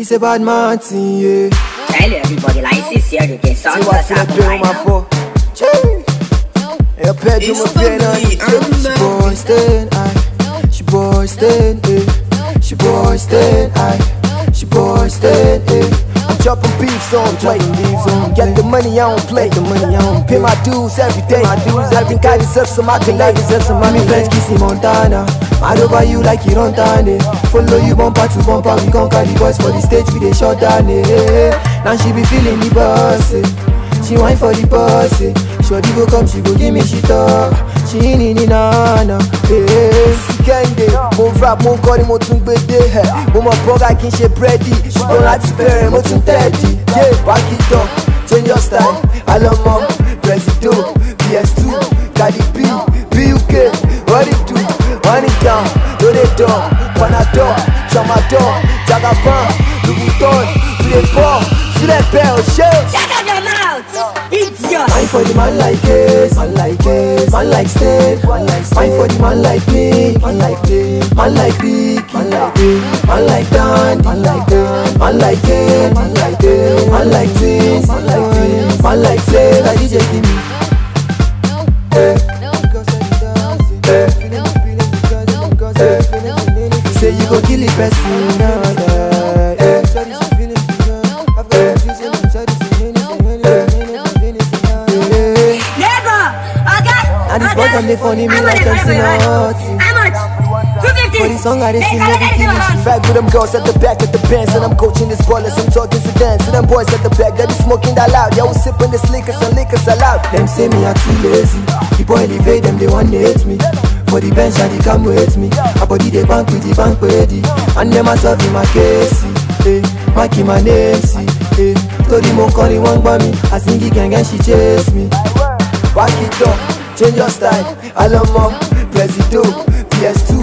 It's a bad Martin, yeah. Tell everybody like this here, you can so what's happening right now. Chee. Eu pede uma pena e She boys then I She boys then eh. I She boys then I She boys then I I'm chopping beef so I'm playing leaves on Get the money, I don't play. the money, I don't pay my dues every day. My dues, I think I deserve some accolades. Deserve some money. Friends, kissy Montana. do over you like you don't turn Follow you bumper to bumper, we call the boys for the stage, we they shut down it. Now she be feeling the boss. She whine for the boss. Shorty go come, she go give me shit up. She ni ni na na. Eh, eh. Sikende, mo rap, mo kọrin, mo tún gbé dé ẹ̀. Mo mọ bọ́gà kí n ṣe búrẹ́dì, ṣùgbọ́n láti bẹ̀rẹ̀ mo tún tẹ́ẹ̀dì. mo tun teedi Yeah, back it up change your style. Alamo, Presido, PS2, Cardi B, BUK, what it do? Run down, no they door, Panador, Tramador, Jagaban, Loubouton, tous les ports, sur les Shut up your mouth, idiot. Mine for the man like this, man like this, man like Steve, man like Steve. Mine for the man like me, man like this, man like me, man like this, man like that, man like Dan, man like Dan, man like Man like this, man like this, man like this, say that DJ give me. Say you go kill the person now. And this boy come dey funny me like I'm singing hot song I done seen She Ride with them girls at the back of the bands And I'm coaching these ballers, I'm talking to dance To them boys at the back, they be smoking that loud Yeah, we sipping the liquors and liquors allowed Them say me I too lazy The boy elevate them, they want to hate me for the bench and they come with me I body the bank with the bank ready And them myself in my case hey, Maki my name see hey, eh, Tori mo call it one by me I sing it gang and she chase me Back it up, change your style I love more, up. PS2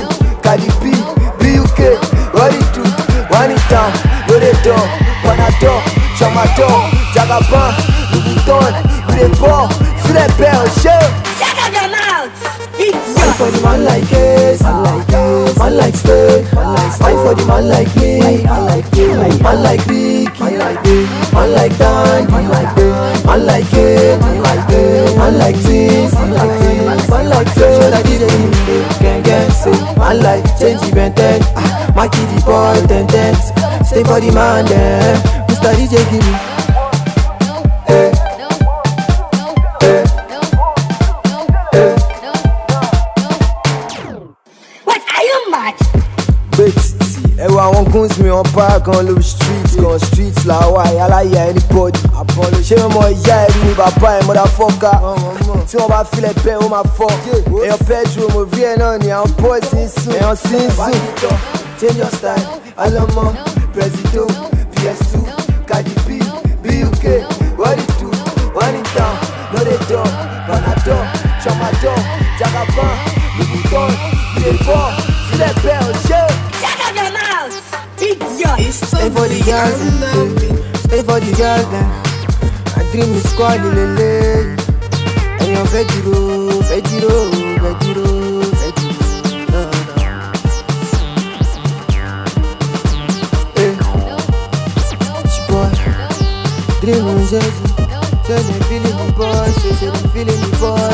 Cardi B, BUK, what it do? One it down, what it do? Panadol, Tramadol, Jagaban, Louis Vuitton, with a ball, for the man like this, man like this, man like Stade, man like Stade. for the man like me, man like me, man like Ricky, man like me, man like Dan, man like Dan, man like Kate, man like Dan, man like T. them. Mr. DJ What are you mad? me on park on the streets, on streets like why I like yeah, anybody. Apollo, ṣé mo ìyá my ni bàbá ẹ̀ mọ́dàfọ́ká? va on fuck. on on Change your style, I love Presidão, VS2, Cardi BUK, what it do, what it down, no they don't, Panadol, Chamadol, Jagaban, Louis Shell. out your mouth, idiot! Stay for the garden, stay for the dream is squad in the lane. And you're veggie, veggie, veggie. Tell feeling the boy, i say feeling the boy